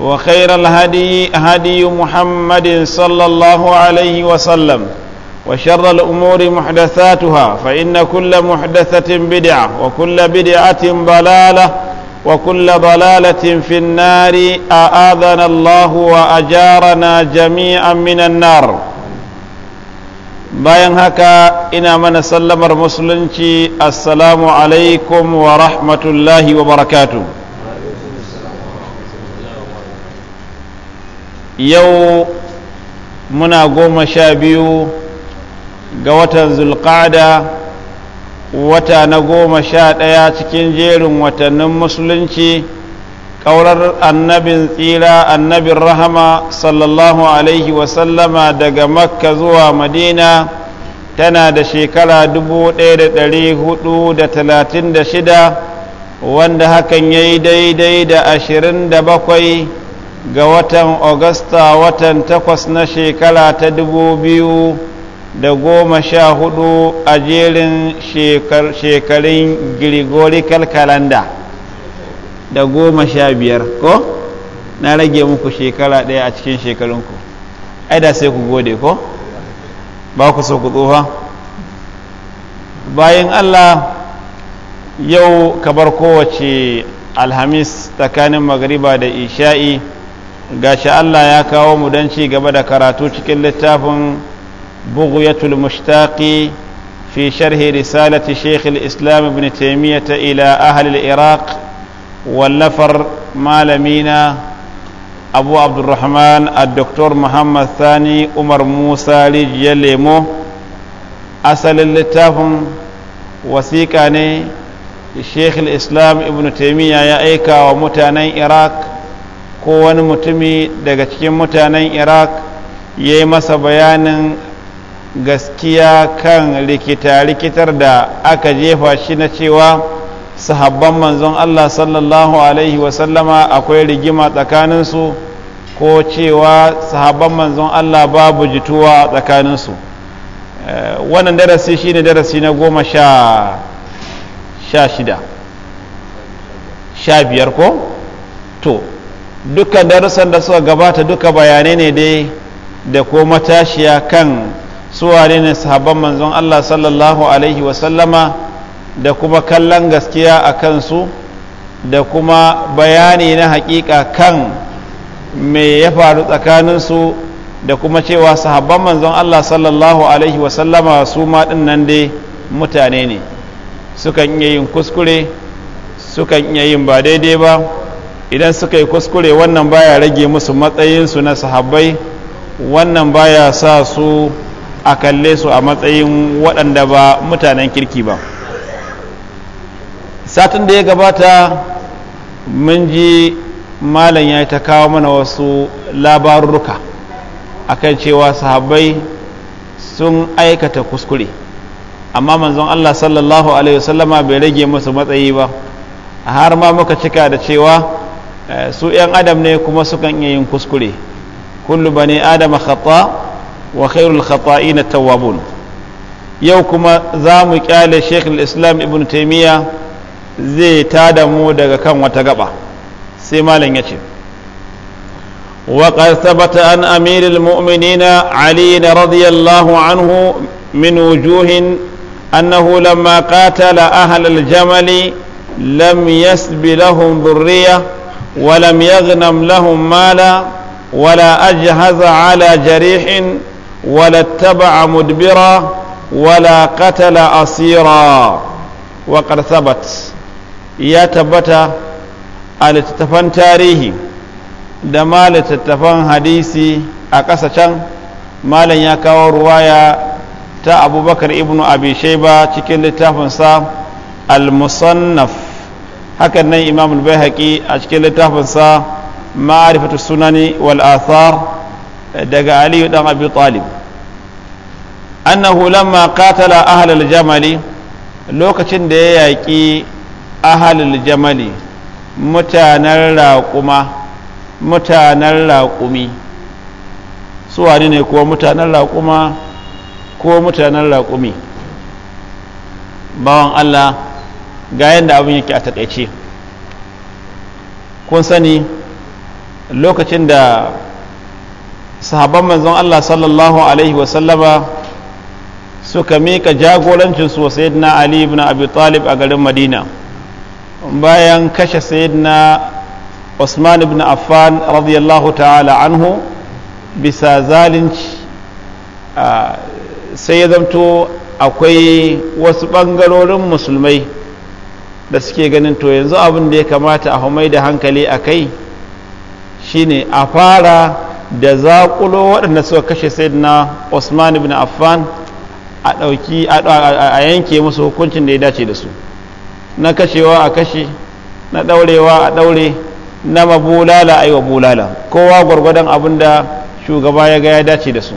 وخير الهدي هدي محمد صلى الله عليه وسلم وشر الأمور محدثاتها فإن كل محدثة بدعة وكل بدعة ضلالة وكل ضلالة في النار أآذنا الله وأجارنا جميعا من النار bayan haka ina mana sallamar musulunci assalamu alaikum wa rahmatullahi wa barakatuh yau muna goma sha biyu ga watan zulƙada wata na goma sha ɗaya cikin jerin watannin musulunci ƙaurar annabin tsira annabin rahama sallallahu alaihi wasallama daga makka zuwa madina tana da shekara dubu ɗaya da da da talatin shida, wanda hakan ya yi daidai da da bakwai. ga watan Agusta watan takwas na shekara ta dubu biyu da goma sha hudu a jerin shekarun Gregorical calendar da goma sha biyar ko na rage muku shekara ɗaya a cikin shekarunku ai da sai ku gode ko ba ku so ku tsufa bayan Allah yau kabar kowace alhamis tsakanin magariba da isha'i gashi Allah ya kawo mu don ci gaba da karatu cikin littafin bughyatul mushtaqi fi sharhi risalati sheikh al-islam ibn taimiya ila ahli iraq wallafar malamina abu abdurrahman a doktor muhammad sani umar musa rijiyar lemo asalin littafin wasiƙa ne sheikh islam ibn taimiyya ya aika wa mutanen iraq ko wani mutumi daga cikin mutanen iraq ya yi masa bayanin gaskiya kan rikita-rikitar da aka jefa shi na cewa sahabban manzon allah sallallahu alaihi wasallama akwai rigima tsakaninsu ko cewa sahabban manzon allah babu jituwa a tsakaninsu eh, wannan darasi shi ne darasi na goma sha shida sha biyar ko to dukkan darussan da suka gabata duka bayanai ne dai da ko matashiya kan suwane ne sahabban manzon Allah sallallahu alaihi wasallama da kuma kallon gaskiya a kansu da kuma bayani na hakika kan me ya faru tsakaninsu da kuma cewa sahabban manzon Allah sallallahu alaihi wasallama su ma nan dai mutane ne sukan iya yin kuskure sukan iya yin ba daidai ba idan suka yi kuskure wannan baya rage musu matsayinsu na sahabbai wannan baya sa su a kalle su a matsayin waɗanda ba mutanen kirki ba satin da ya gabata mun ji malam ya yi ta kawo mana wasu labarurruka akan cewa sahabbai sun aikata kuskure amma manzon Allah sallallahu alaihi wasallama bai rage musu matsayi ba har ma muka cika da cewa Eh, su 'yan adam ne kuma sukan iya yin kuskure kullu bani adama khata wa khairul khata'ina tawwabun yau kuma za mu kyale sheikh islam ibn taimiyya zai tada mu daga kan wata gaba sai malam ya ce وقد ثبت عن أمير المؤمنين علي رضي الله عنه من وجوه أنه لما قاتل أهل الجمل لم يسب لهم ذرية ولم يغنم لهم مالا ولا أجهز على جريح ولا اتبع مدبرا ولا قتل أسيرا وقد ثبت يا تبت littattafan tarihi da ma littattafan hadisi a ƙasa can malam ya kawo ruwaya ta abubakar ibnu abi shaiba cikin littafinsa al-musannaf hakan nan imam al bayhaqi a cikin littafinsa ma'rifatu sunani wal athar eh, daga ali dan abi talib annahu lamma qatala ahlal jamali lokacin da ya yaƙi ahlal jamali mutanen raƙuma mutanen su wani ne ko mutanen raquma ko mutanen raƙumi bawan Allah ga yadda abin yake a taƙaice kun sani lokacin da sahabban manzon Allah sallallahu alaihi wasallama suka mika jagorancinsu wa sayyidina Ali ibn Abi Talib a garin Madina bayan kashe sayyidina Usman ibn Affan radiyallahu ta'ala anhu bisa zalunci sai ya zamto akwai wasu ɓangarorin musulmai da suke ganin to yanzu abin da ya kamata a mai da hankali a kai shine a fara da zaƙulo waɗanda suka kashe sayyidina Usman bin Affan a ɗauki a yanke musu hukuncin da ya dace da su na kashewa a kashe na ɗaurewa a ɗaure na mabulala a yi bulala kowa gwargwadon abin da shugaba ya ga ya dace da su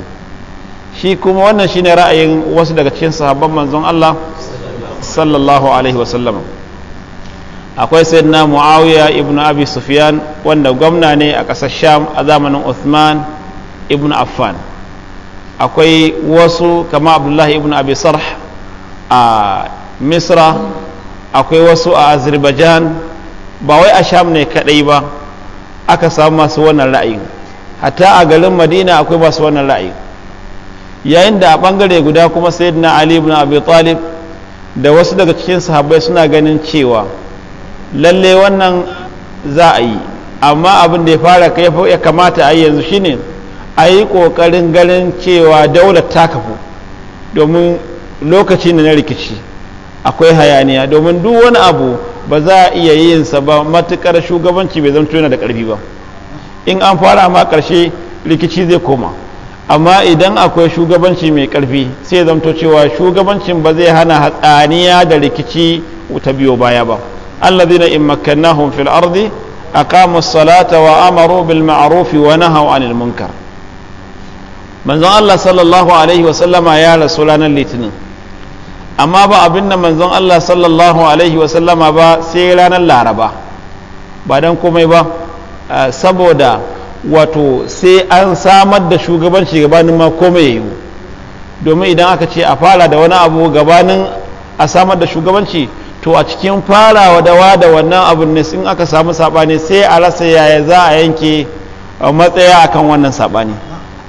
shi kuma wannan shine ra'ayin wasu daga cikin sahabban manzon Allah sallallahu alaihi wasallam akwai sayyidina muawiya Ibn abi sufyan wanda gwamna ne a ƙasar sham a zamanin uthman Ibn affan akwai wasu kama abdullahi Ibn abi sarh a misra akwai wasu a azerbaijan ba wai a sham ne kadai ba aka samu masu wannan ra'ayin hatta a garin madina akwai masu wannan ra'ayin yayin da a bangare guda kuma sayyidina ali ibn abi talib da wasu daga cikin sahabbai suna ganin cewa lalle wannan za a yi amma abin da ya fara ya kamata a yi yanzu shine a yi ƙoƙarin ganin cewa daular ta kafu domin lokaci ne na rikici akwai hayaniya domin duk wani abu ba za a iya yin sa ba matukar shugabanci bai zanto yana da ƙarfi ba in an fara ma karshe rikici zai koma amma idan akwai shugabanci mai ƙarfi sai zanto cewa shugabancin ba zai hana hatsaniya da rikici ta biyo baya ba الذين إن مكناهم في الأرض أقاموا الصلاة وأمروا بالمعروف ونهوا عن المنكر من زن الله صلى الله عليه وسلم يا رسولنا الليتن أما با أبن من زن الله صلى الله عليه وسلم با سيرانا اللاربا بعدين كومي با saboda wato sai an samar da shugabanci gabanin ma komai yiwu domin idan aka ce a fara da wani abu gabanin a samar da shugabanci to a cikin farawa dawa da wannan abin ne sun aka samu saɓani sai a rasa yaya za a yanke uh, matsaya akan wannan saɓani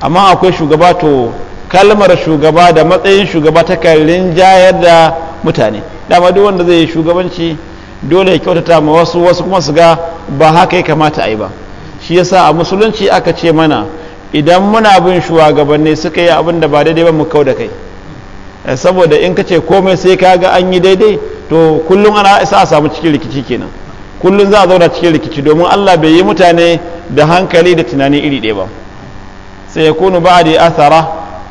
amma akwai shugaba to kalmar shugaba da matsayin shugaba ta kallin jayar da mutane dama duk wanda zai yi shugabanci dole ya kyautata ma wasu wasu kuma su ga ba haka ya kamata a yi ba shi yasa a musulunci aka ce mana idan muna bin shugabanni suka yi abin da ba daidai ba mu kau kai eh, saboda in ka ce komai sai ka ga an yi daidai to kullum ana isa a samu cikin rikici kenan kullum za a zauna cikin rikici domin Allah bai yi mutane da hankali da tunani iri ɗaya ba sai ya kunu ba da asara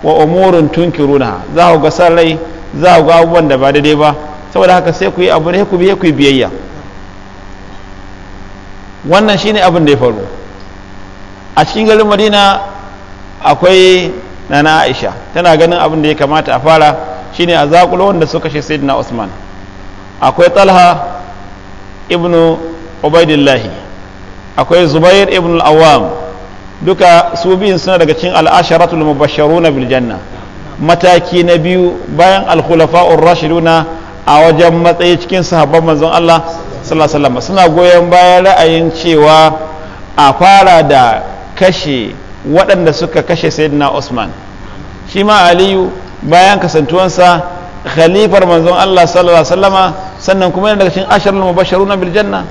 wa umurun tunkiruna za ku ga san rai za ku ga abubuwan da ba daidai ba saboda haka sai ku yi abu ne ku biye ku biyayya wannan shine abin da ya faru a cikin garin madina akwai nana aisha tana ganin abin da ya kamata a fara shine a zakulo wanda suka kashe sayyidina usman akwai talha ibnu ubaidillahi akwai zubair ibn al'awam duka su biyun suna daga cikin al'asharatul mubasharuna na Biljanna. mataki na biyu bayan alkhulafa rashiduna a wajen matsayi cikin sahabban manzon Allah sallallahu suna goyon bayan ra'ayin cewa a fara da kashe waɗanda suka kashe sayyidina Usman shi ma Aliyu bayan kasantuwansa khalifar manzon Allah sallallahu alaihi wasallama sannan kuma yana daga cikin asharul mubashiruna bil janna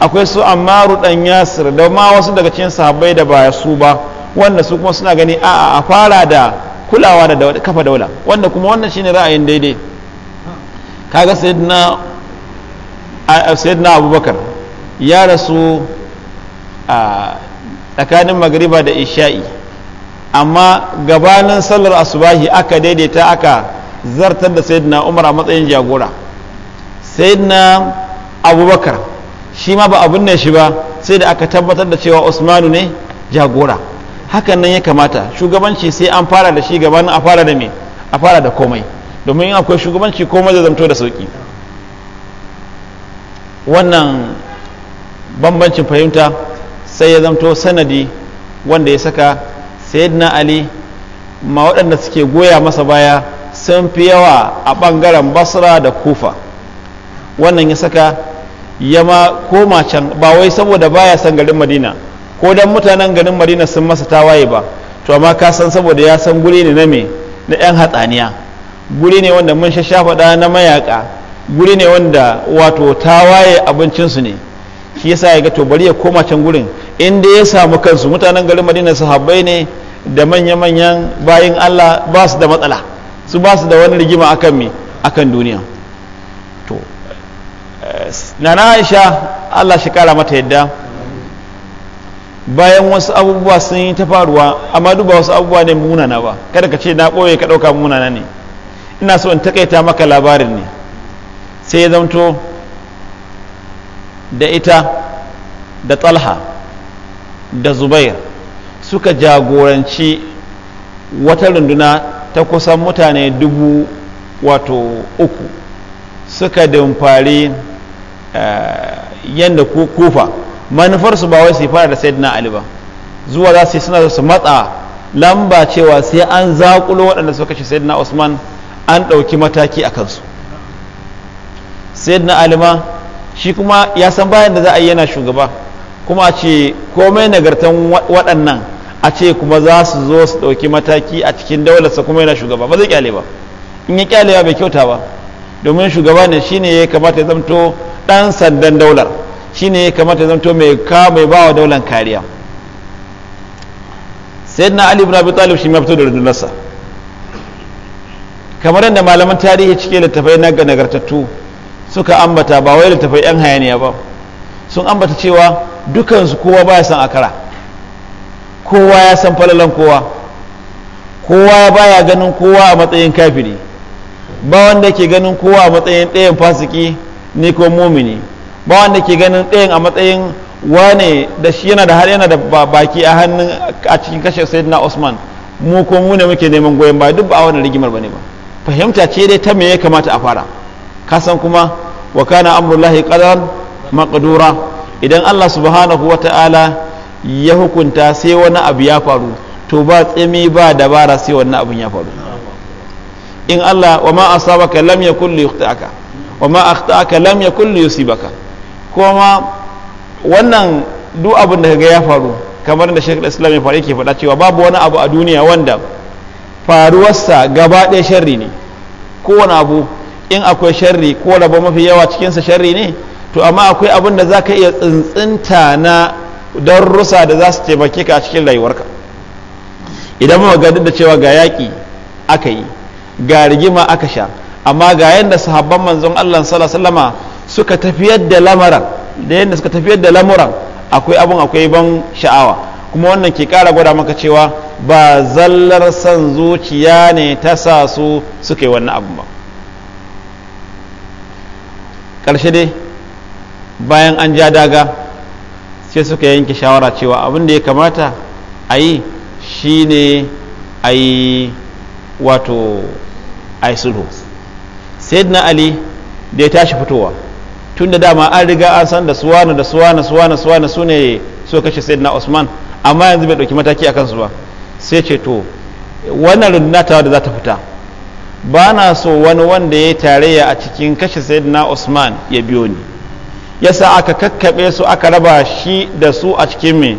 akwai su Ammaru dan Yasir da ma wasu daga cikin sahabbai da ba su ba wanda su kuma suna gani a a fara da kulawa da kafa daula wanda kuma wannan shine ra'ayin daidai kaga sayyidina sayyidina Abubakar ya rasu a tsakanin magriba da isha'i amma gabanin sallar asubahi aka daidaita aka zartar da sayyidina umar a matsayin jagora sayyidina abubakar shi ma ba abin ne shi ba sai da aka tabbatar da cewa usmanu ne jagora hakan nan ya kamata shugabanci sai an fara da shi gabanin a fara da me a fara da komai domin akwai shugabanci komai da zamto da sauki wannan bambancin fahimta sai ya zamto sanadi wanda ya saka sayyidina ali ma waɗanda suke goya masa baya sun fi yawa a ɓangaren basra da kufa wannan ya saka ya ma koma can ba wai saboda baya san garin madina ko dan mutanen garin madina sun masa tawaye ba to amma ka san saboda ya san guri ne na me na yan hatsaniya guri ne wanda mun shashafaɗa na mayaka guri ne wanda wato tawaye abincinsu ne shi yasa ya ga to bari ya koma can gurin inda ya samu kansu mutanen garin madina sahabbai ne da manya-manyan bayan allah ba su da matsala su ba su da wani rigima akan mi akan duniya to nana aisha allah shi kara mata yadda bayan wasu abubuwa sun yi ta faruwa amma duba wasu abubuwa ne munana ba kada ka ce na ɓoye ka ɗauka munana ne ina so in takaita maka labarin ne sai ya zamto da ita da talha da zubair suka jagoranci wata runduna ta kusan mutane dubu wato uku suka dimfari eh, yadda kufa manufarsu ba wai su fara da sayyidina ali ba zuwa za su suna su matsa lamba cewa sai an zaƙulo waɗanda suka ce sayyidina usman an ɗauki mataki a kansu sayyidina ali ma shi kuma ya san bayan da za a yi yana shugaba kuma ce komai nagartan waɗannan a ce kuma za su zo su ɗauki mataki a cikin daularsa kuma yana shugaba ba zai kyale ba in ya kyale ba bai kyauta ba domin shugaba ne shine ya kamata ya zamto ɗan sandan daular shine ya kamata ya zamto mai ka mai bawa daular kariya sai ali ibn abi talib shi ma fito da rundunarsa kamar yadda malaman tarihi cike littafai na nagartattu suka ambata ba wai littafai yan hayaniya ba sun ambata cewa dukansu kowa baya son akara kowa ya san falalan kowa kowa baya ganin kowa a matsayin kafiri ba wanda ke ganin kowa a matsayin ɗayan fasiki ne ko mumini ba wanda ke ganin ɗayan a matsayin wane da shi yana da har yana da baki a hannun a cikin kashe sayyidina usman mu ko mu ne muke neman goyon ba duk ba a wannan rigimar ne ba fahimta ce dai ta me ya kamata a fara kasan kuma wa kana amrullahi qadaran maqdura idan Allah subhanahu wata'ala ya hukunta sai wani abu ya faru to ba tsimi ba dabara sai wannan abun ya faru in Allah wa ma asabaka lam kulle li yakhtaka wa ma akhtaka lam yakul li yusibaka kuma wannan duk abin da kaga ya faru kamar da Sheikh Islam ya faru yake faɗa cewa babu wani abu a duniya wanda faruwarsa gaba ɗaya sharri ne kowane abu in akwai sharri ko rabo mafi yawa cikinsa sharri ne to amma akwai abin da za ka iya tsintsinta na don rusa da za su taimake ka a cikin rayuwarka idan muka ga da cewa ga yaƙi aka yi ga rigima aka sha amma ga yadda sahabban manzon Allah sallallahu suka tafiyar da lamaran da yadda suka tafiyar da lamuran akwai abun akwai ban sha'awa kuma wannan ke kara gwada maka cewa ba zallar san zuciya ne ta sa su suka yi wannan abu ba ƙarshe dai bayan an ja daga sai suka yanke shawara cewa abin da ya kamata a yi ne a yi wato a yi sulhu sayyidina ali da ya tashi fitowa tun da dama an riga an san da suwana da suwana suwana suwana su ne so kashe sayyidina usman amma yanzu bai ɗauki mataki a kansu ba sai ce to wannan rundunatawa da za ta fita ba na so wani wanda ya yi tarayya a cikin kashe sayyidina usman ya biyo ni yasa aka kakkaɓe su aka raba shi da su a cikin me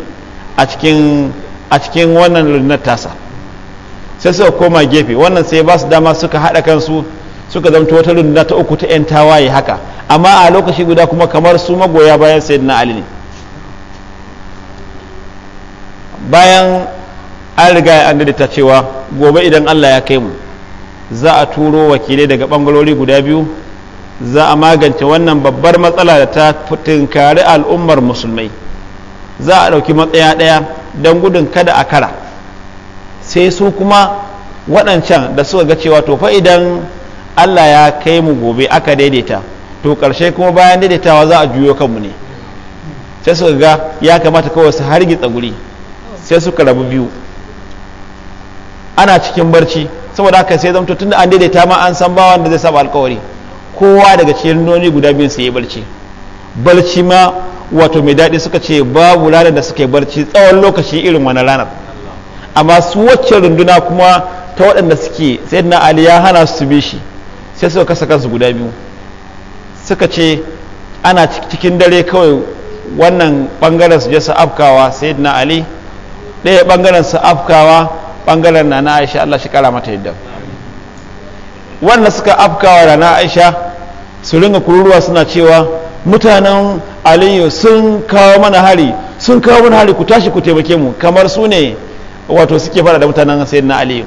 a cikin wannan rundunar tasa sai suka koma gefe wannan sai ba su dama suka haɗa kansu suka zamta wata runduna ta uku ta 'yan tawaye haka amma a lokaci guda kuma kamar su magoya bayan na ali ne bayan an riga ya an ta cewa gobe idan allah ya kai mu za a turo wakilai daga bangarori guda biyu za a magance wannan babbar matsala da ta tunkari al'ummar musulmai za a ɗauki matsaya ɗaya don gudun kada a kara sai su kuma waɗancan da suka ga cewa to fa idan allah ya kai mu gobe aka daidaita to ƙarshe kuma bayan daidaitawa za a juyo kanmu ne sai suka ga ya kamata kawai su hargitsa guri sai suka rabu biyu ana cikin barci saboda haka sai zamto tunda an daidaita ma an san bawan da zai saba alkawari kowa daga cikin noni guda biyun su yi barci barci ma wato mai daɗi suka ce babu ranar da suka yi barci tsawon lokaci irin wani ranar amma su wacce runduna kuma ta waɗanda suke sai na ali ya hana su bi shi sai suka kasa kansu guda biyu suka ce ana cikin dare kawai wannan ɓangaren su je su afkawa sai na ali ɗaya ɓangaren su afkawa ɓangaren na na aisha allah shi kara mata yadda wanda suka afkawa rana aisha su ringa kururuwa suna cewa mutanen aliyu sun kawo mana hari sun kawo mana hari ku tashi ku taimake mu kamar su ne wato suke fara da mutanen na aliyu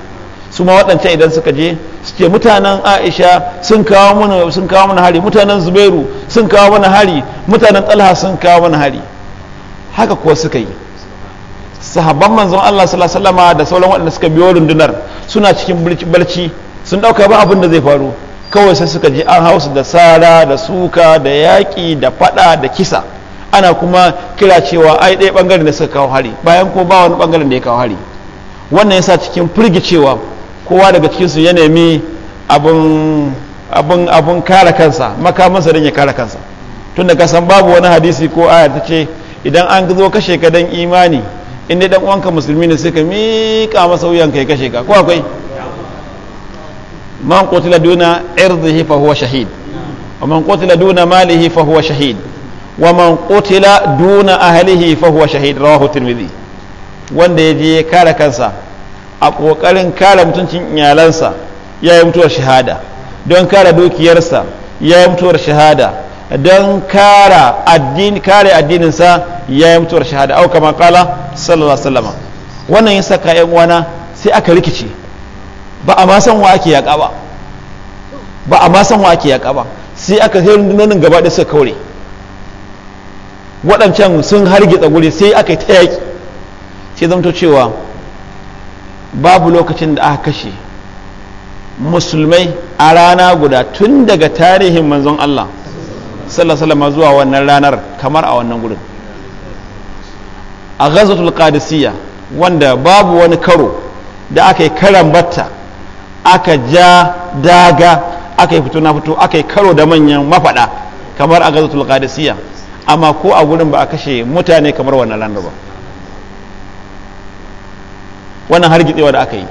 su ma waɗancan idan suka je su ce mutanen aisha sun kawo mana sun kawo mana hari mutanen zubairu sun kawo mana hari mutanen talha sun kawo mana hari haka kuwa suka yi sahabban manzon Allah sallallahu alaihi wasallama da sauran waɗanda suka biyo rundunar suna cikin barci sun dauka ba abin da zai faru kawai sai suka ji an hausa da sara da suka da yaƙi da fada da kisa ana kuma kira cewa ai ɗaya ɓangaren da suka kawo hari bayan ko ba wani ɓangaren da ya kawo hari wannan yasa cikin firgicewa kowa daga cikinsu ya nemi abin kare kansa makamansa don ya kare kansa tun da kasan babu wani hadisi ko aya ta ce idan an zo kashe ka dan imani inda dai dan uwanka musulmi ne suka miƙa masa wuyanka ya kashe ka ko akwai man qutila duna irdihi fa huwa shahid wa man qutila duna malihi fa huwa shahid wa man qutila duna ahlihi fa huwa shahid rawahu tirmidhi wanda ya je kare kansa a kokarin kare mutuncin iyalansa ya yi mutuwar shahada don kare dukiyarsa ya yi mutuwar shahada don kare kare addininsa ya yi mutuwar shahada au kala sallallahu alaihi wannan yasa saka yan sai aka rikici. ba a masan san wa ake yaƙa ba ba a masan wa ake yaƙa ba sai aka sai rundunonin gaba da suka kaure waɗancan sun hargitsa guri sai aka yi ta yaƙi sai zamto cewa babu lokacin da aka kashe musulmai a rana guda tun daga tarihin manzon Allah sallallahu zuwa wannan ranar kamar a wannan gudun a gazatul qadisiyya wanda babu wani karo da aka yi karambarta. aka ja daga aka yi fito na fito aka yi karo da manyan mafaɗa kamar a gazatul qadisiyya amma ko a gurin ba a kashe mutane kamar wannan landa ba wannan har gitsewa da aka yi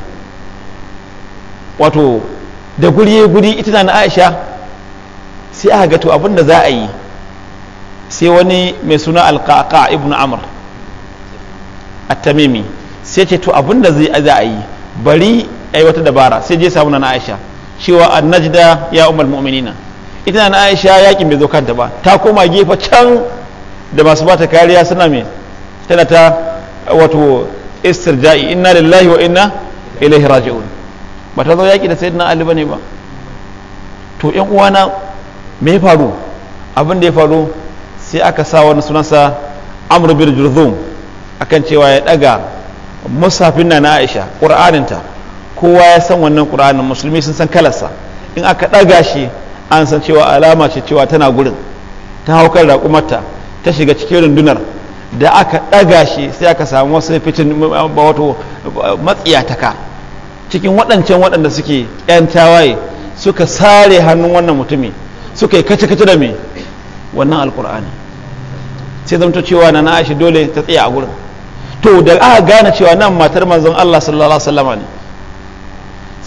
wato da guri guri ita na aisha sai aka gato abin da za a yi sai wani mai suna alƙaƙa ibn amr at-tamimi sai ce to abin da za a yi bari ai wata dabara sai je samu na Aisha cewa annajda ya ummul mu'minina ita na Aisha yakin bai zo kanta ba ta koma gefe can da masu bata kariya suna me tana ta wato istirja'i inna lillahi wa inna ilaihi raji'un ba ta zo yaki da sayyidina Ali bane ba to yan uwana me ya faru abin da ya faru sai aka sa wani sunansa Amr bin Jurzum akan cewa ya daga musafin na Aisha Qur'aninta kowa ya san wannan ƙur'anin musulmi sun san kalarsa in aka ɗaga shi an san cewa alama ce cewa tana gurin ta hau kan raƙumarta ta shiga cikin rundunar da aka ɗaga shi sai aka samu wasu fitin wato matsiyataka cikin waɗancan waɗanda suke ƴan tawaye suka sare hannun wannan mutumi suka yi kace-kace da me wannan alƙur'ani sai zamto cewa na na'ashi dole ta tsaya a gurin to da aka gane cewa nan matar manzon Allah sallallahu alaihi wasallam ne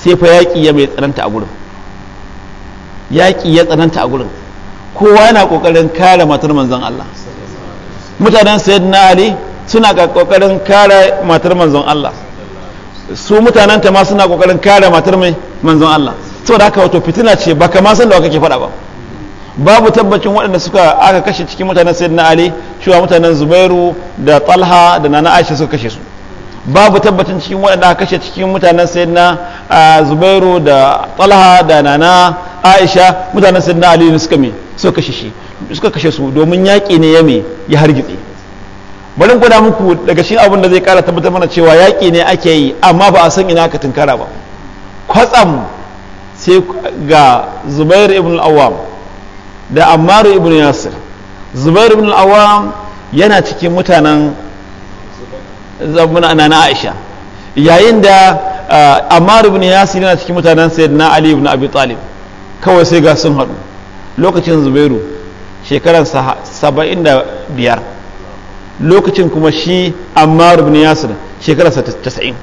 sai fa yaƙi ya mai tsananta a gurin yaƙi ya tsananta a gurin kowa yana ƙoƙarin kare matar manzon Allah mutanen sayyidina Ali suna ƙoƙarin kare matar manzon Allah su mutanen ta ma suna ƙoƙarin kare matar mai manzon Allah da haka wato fitina ce ba ma san da kake faɗa ba babu tabbacin waɗanda suka aka kashe cikin mutanen sayyidina Ali cewa mutanen Zubairu da Talha da Nana Aisha suka kashe su babu tabbatin cikin waɗanda aka kashe cikin mutanen sayyidina zubairu da talha da nana aisha mutanen sayyidina ali ne suka suka kashe shi suka kashe su domin yaƙi ne ya me ya hargitse bari gwada muku daga cikin abin da zai kara tabbatar mana cewa yaƙi ne ake yi amma ba a san ina aka tunkara ba kwatsam sai ga zubairu ibn al-awwam da ammaru ibn yasir zubairu ibn al-awwam yana cikin mutanen zamuna na na aisha yayin da amaru ibn yasir yana cikin mutanen sayyidina ali ibn abi talib kawai sai ga sun haɗu lokacin zubairu shekaran saba'in da biyar lokacin kuma shi amaru ibn yasir shekararsa 90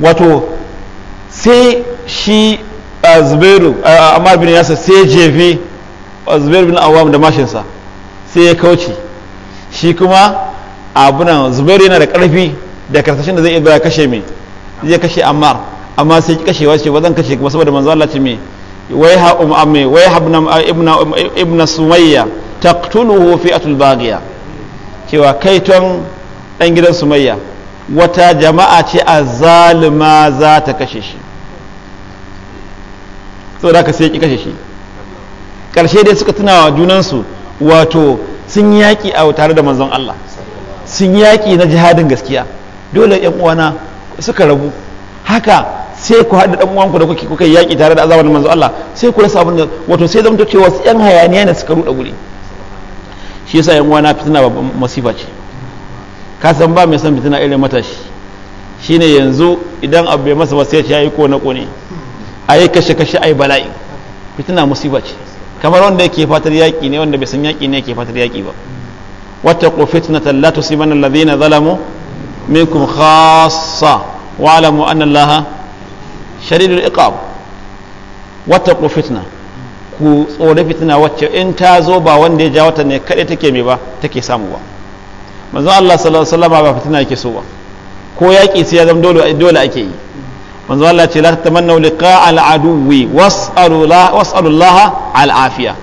wato sai shi zubairu amaru ibn yasir sai jefe zubairu bin awam da mashinsa sai ya kauce shi kuma abunan zubairu yana da karfi da karsashin da zai iya kashe mai zai kashe ammar amma sai ki kashewa ce ba zan kashe kuma saboda manzo Allah ce me wai ha um amme wai habna ibna um, ibna sumayya taqtuluhu fi'atul baghiya cewa kai ton dan gidan sumayya wata jama'a ce azalima za ta kashe shi saboda ka sai ki kashe shi karshe dai suka tunawa junansu wato sun yaki a tare da manzon Allah sun yaƙi na jihadin gaskiya dole yan uwana suka rabu haka sai ku haɗa ɗan uwanku da kuke kuka yaƙi tare da azabar manzo Allah sai ku rasa abin da wato sai zamto cewa wasu yan hayaniya ne suka ruɗa guri shi yasa yan uwana fitina babban masifa ce ka san ba mai san fitina irin matashi shine yanzu idan abu bai masa ba sai ya yi kone kone a yi kashe kashe a yi bala'i fitina musiba ce kamar wanda yake fatar yaƙi ne wanda bai san yaƙi ne yake fatar yaƙi ba واتقوا فتنة لا تصيبن الذين ظلموا منكم خاصة واعلموا أن الله شديد العقاب واتقوا فتنة ku tsori fitina wacce in ta zo ba wanda ya ja wata ne kaɗai take mai ba take samuwa manzo Allah sallallahu alaihi wasallam ba fitina yake so ba ko yaƙi sai ya zama dole dole ake yi manzo Allah ce la tatamannu liqa al aduwi was'alu la Allah al afiya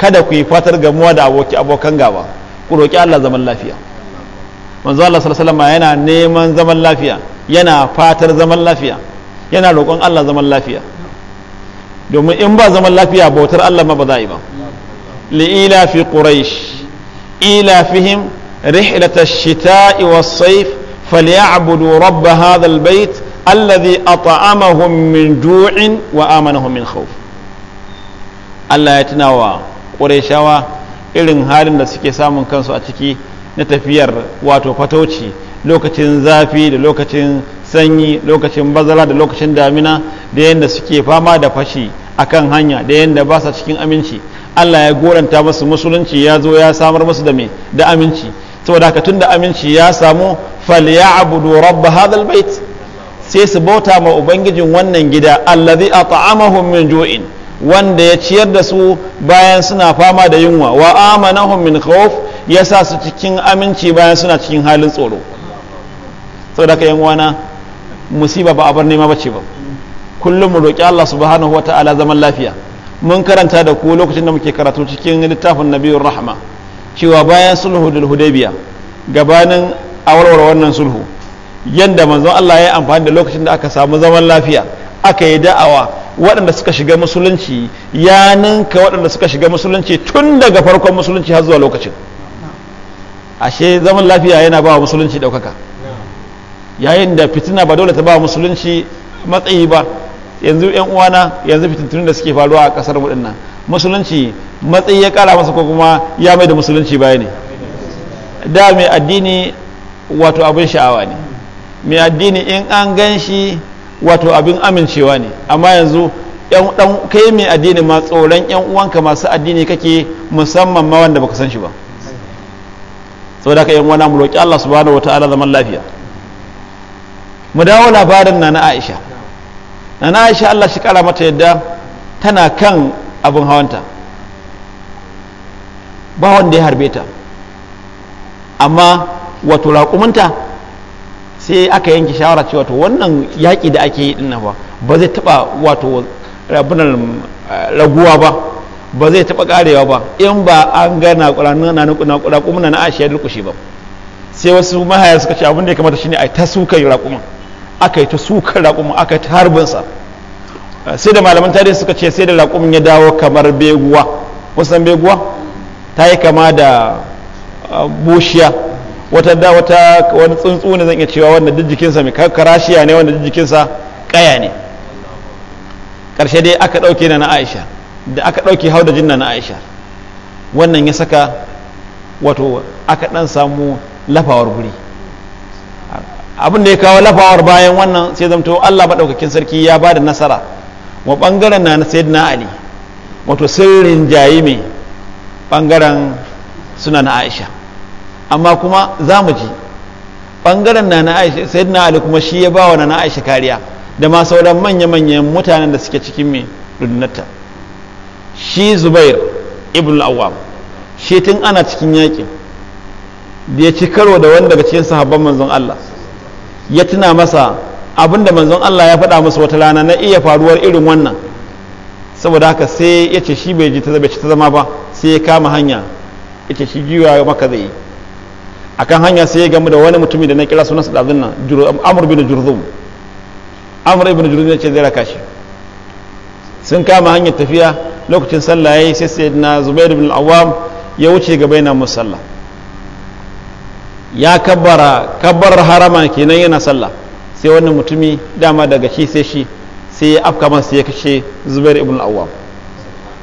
kada ku yi fatar gamuwa da aboki abokan gaba ku roƙi Allah zaman lafiya manzo Allah sallallahu alaihi yana neman zaman lafiya yana fatar zaman lafiya yana roƙon Allah zaman lafiya domin in ba zaman lafiya bautar Allah ma ba za a yi ba li'ila fi quraish ila fihim rihlata shita'i was-sayf falyabudu rabb hadha al-bayt alladhi at'amahum min ju'in wa amanahum min khawf Allah ya tunawa qurayshawa irin halin da suke samun kansu a ciki na tafiyar wato fatauci lokacin zafi da lokacin sanyi lokacin bazara da lokacin damina da yadda suke fama da fashi a kan hanya da yadda ba sa cikin aminci Allah ya goranta musu musulunci ya zo ya samar musu da me da aminci saboda haka aminci ya samu falyabudu rabba hadal bait sai su bauta ma ubangijin wannan gida allazi at'amahum min ju'in wanda ya ciyar da su bayan suna fama da yunwa wa amanahum min khawf ya su cikin aminci bayan suna cikin halin tsoro saboda ka wana musiba ba a bar nema bace ba kullum mu roki Allah subhanahu wataala zaman lafiya mun karanta da ku lokacin da muke karatu cikin littafin nabiyur rahma cewa bayan sulhu da hudaybiya gabanin awarwar wannan sulhu yadda manzon Allah ya amfani da lokacin da aka samu zaman lafiya aka yi da'awa waɗanda suka shiga musulunci ya ninka waɗanda suka shiga musulunci tun daga farkon musulunci har zuwa lokacin ashe zaman lafiya yana ba musulunci ɗaukaka yayin da fitina ba dole ta ba musulunci matsayi ba yanzu yan uwana yanzu fitintunin da suke faruwa a kasar mu dinnan musulunci matsayi ya kara masa ko kuma ya mai da musulunci baya ne da mai addini wato abin sha'awa ne mai addini in an gan shi wato abin amincewa ne amma yanzu kai mai addini ma tsoron yan uwanka masu addini kake musamman ma wanda baka san shi ba Sau da ka yin wana Allah su Allah wata ala zaman lafiya mu dawo labarin na na Aisha na na Aisha Allah shi kara mata yadda tana kan abin hawanta ba wanda ya harbe ta amma wato raƙuminta sai aka yanke shawara cewa to wannan yaƙi da ake yi dinnan ba ba zai taɓa wato rabunan eh, raguwa ba ba zai taɓa ƙarewa ba in ba an ga raƙumuna na na ashe ya durƙushe ba sai wasu mahaya suka ce abin da ya kamata shine a ta sukan raƙumin aka yi ta sukan raƙumin aka yi ta sa eh, sai da malaman tarihi suka ce sai da raƙumin ya dawo kamar beguwa wasan beguwa ta yi kama da eh, bushiya wata da wata wani tsuntsu ne zan iya cewa wanda duk jikinsa mai karashiya ne wanda duk jikinsa kaya ne karshe dai aka ɗauke na na aisha da aka ɗauke hau da jinna na aisha wannan ya saka wato aka ɗan samu lafawar guri abin da ya kawo lafawar bayan wannan sai zamto allah maɗaukakin sarki ya ba da nasara wa ɓangaren na na ali wato sirrin jayi mai ɓangaren suna na aisha amma kuma za mu ji ɓangaren na na aisha sai na ali kuma shi ya ba wa na aisha kariya da ma sauran manya-manyan mutanen da suke cikin mai rudunatta shi zubair ibn awwam shi tun ana cikin yaƙi da ya ci karo da wani daga cikin sahabban manzon allah ya tuna masa abinda manzon allah ya faɗa masa wata rana na iya faruwar irin wannan saboda haka sai ya ce shi bai ji ta zama ba sai ya kama hanya ya ce shi juya maka zai yi akan hanya sai ya gamu da wani mutumi da na kira sunansa ɗazun nan amur bin jurzum amur ibn jurzum ya ce zai raka shi sun kama hanyar tafiya lokacin sallah ya yi sai sai na zubair bin awam ya wuce gaba yana musalla ya kabbara kabbar harama kenan yana sallah sai wannan mutumi dama daga shi sai shi sai ya afka masa ya kashe zubair ibn awam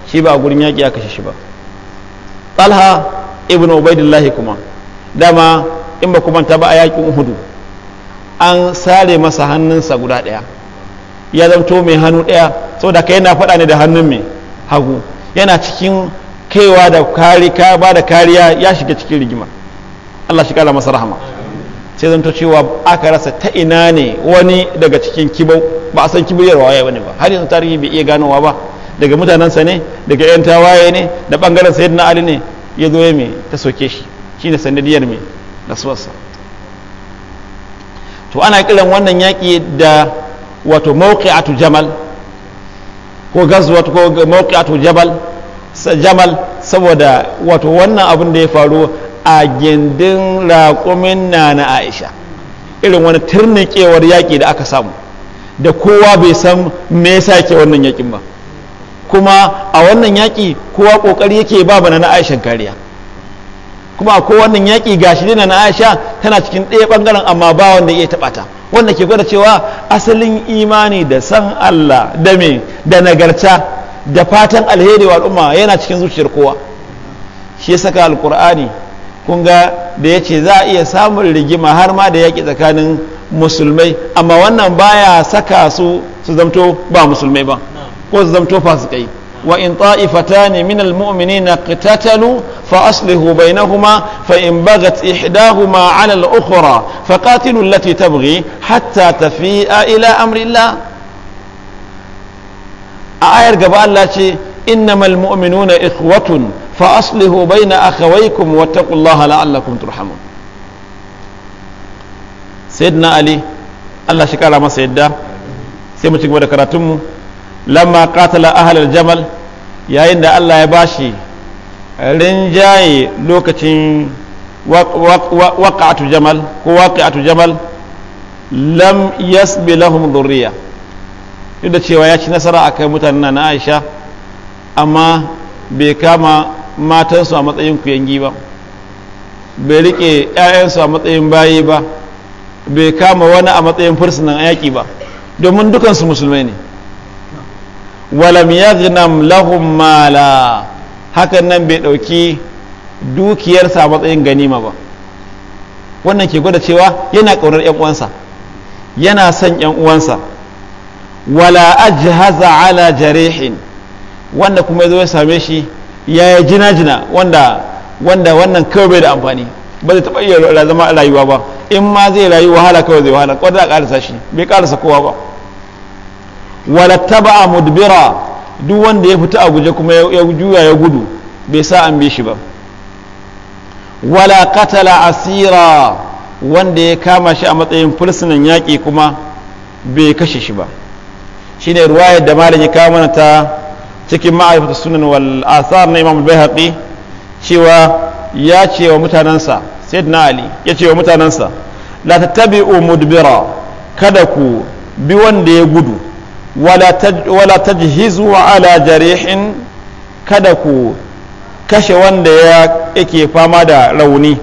shi ba a gurin yaki ya kashe shi ba talha ibn ubaidillahi kuma dama in ba manta ba a yakin hudu an sare masa hannunsa guda ɗaya ya zamto mai hannu ɗaya saboda kai yana faɗa ne da hannun mai hagu yana cikin kaiwa da kari ba da kariya ya shiga cikin rigima Allah shi kara masa rahama sai zanto cewa aka rasa ta ina ne wani daga cikin kibau ba a san kibau yarwa ya bane ba har yanzu tarihi bai iya ganowa ba daga mutanensa ne daga yan tawaye ne da bangaren sayyidina ali ne ya zo ya mai ta soke shi shine sanadiyar mai rasuwarsa to ana kiran wannan yaƙi da wato mawqi'atu jamal ko gazwatu ko mawqi'atu jabal jamal saboda wato wannan abin da ya faru a gindin raƙumin na aisha irin wani turnikewar yaƙi da aka samu da kowa bai san me yasa ke wannan yaƙin ba kuma a wannan yaƙi kowa ƙoƙari yake ba bana na aishan kariya kuma ko wannan yaƙi gashi dina na aisha tana cikin ɗaya ɓangaren amma ba wanda ya taɓa ta wanda ke gwada cewa asalin imani da san allah da me da nagarta da fatan alheri wa al'umma yana cikin zuciyar kowa shi ya saka alkur'ani kun ga da ya ce za a iya samun rigima har ma da yaƙi tsakanin musulmai amma wannan baya saka su su zamto ba musulmai ba ko su zamto fasikai وإن طائفتان من المؤمنين اقتتلوا فأصله بينهما فإن بغت إحداهما على الأخرى فقاتلوا التي تبغي حتى تفيء إلى أمر الله آية قبل الله إنما المؤمنون إخوة فأصله بين أخويكم واتقوا الله لعلكم ترحمون سيدنا علي الله شكرا ما سيدنا سيمتك ودكراتمه lamma qatala ahlal jamal yayin da Allah ya bashi rinjaye lokacin waqa'atu jamal ko waqi'atu jamal lam yasbi lahum dhurriya duk cewa ya ci nasara akai mutanen na Aisha amma bai kama matansu a matsayin kuyangi ba bai rike 'ya'yansu a matsayin bayi ba bai kama wani a matsayin fursunan yaƙi ba domin dukansu musulmai ne walam yaghnam lahum mala hakan nan bai ɗauki dukiyarsa matsayin ganima ba wannan ke gwada cewa yana ƙaunar 'yan uwansa yana son 'yan uwansa wala ajhaza ala jarihin wanda kuma ya zo ya same shi ya yi jina-jina wanda wanda wannan kawai bai da amfani ba zai taɓa iya zama rayuwa ba in ma zai rayu wahala kawai zai wahala kwada a ƙarisa shi bai ƙarisa kowa ba wala a mudbira duk wanda ya fita a guje kuma ya juya ya gudu bai sa an bi shi ba wala katala asira wanda ya kama shi a matsayin fursunan yaƙi kuma bai kashe shi ba shine ruwayar da malami ya kawo mana ta cikin ma'aifata sunan wal'asar na imam bai cewa ya ce wa mutanansa na ali ya ce wa mutanansa la tattabi'u mudbira kada ku bi wanda ya gudu wala tajhizu ala jarihin kada ku kashe wanda ya yake fama da rauni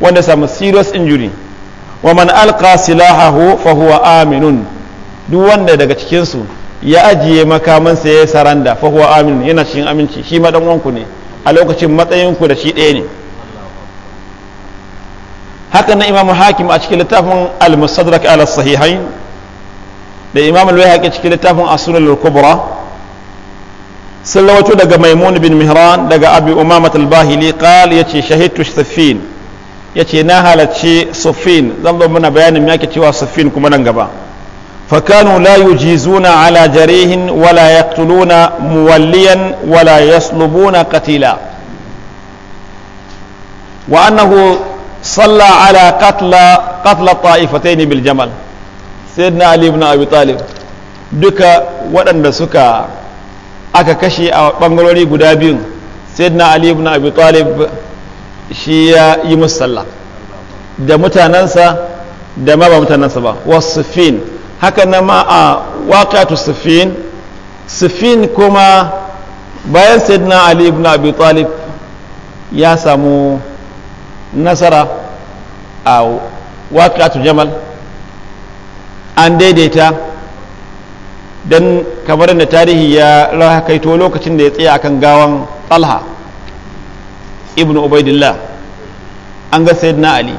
wanda samu serious injury wa man alqa silahahu fa huwa aminun duk wanda daga cikinsu ya ajiye makamansa ya saranda fa huwa aminun yana cikin aminci shi ma dan wanku ne a lokacin matsayin ku da shi ɗaya ne haka na imamu hakim a cikin littafin al musadrak ala sahihain da imam al-bayhaqi cikin littafin as-sunan kubra sun lawato daga maimun bin mihra daga abi umamat kal yace shahidtu saffin yace na halarci sufin zan zo muna bayanin yake cewa saffin kuma nan gaba fakanu la yujizuna ala jarihin wala yaqtuluna muwalliyan wala yaslubuna qatila wa annahu صلى على قتل قتل الطائفتين بالجمل sayyidina ali ibn abi talib duka waɗanda suka aka kashe a ɓangarori guda biyun sayyidina ali ibn abi talib shi ya yi musalla da mutanensa da ma ba mutanensa ba wasu fin haka na ma a wakatu sufin sufin kuma bayan sayyidina ali ibn abi talib ya samu nasara a wakatu jamal an daidaita don kamar da tarihi ya rahakaito lokacin da ya tsaya akan gawan talha ibn ubaidillah an ga sayyidina ali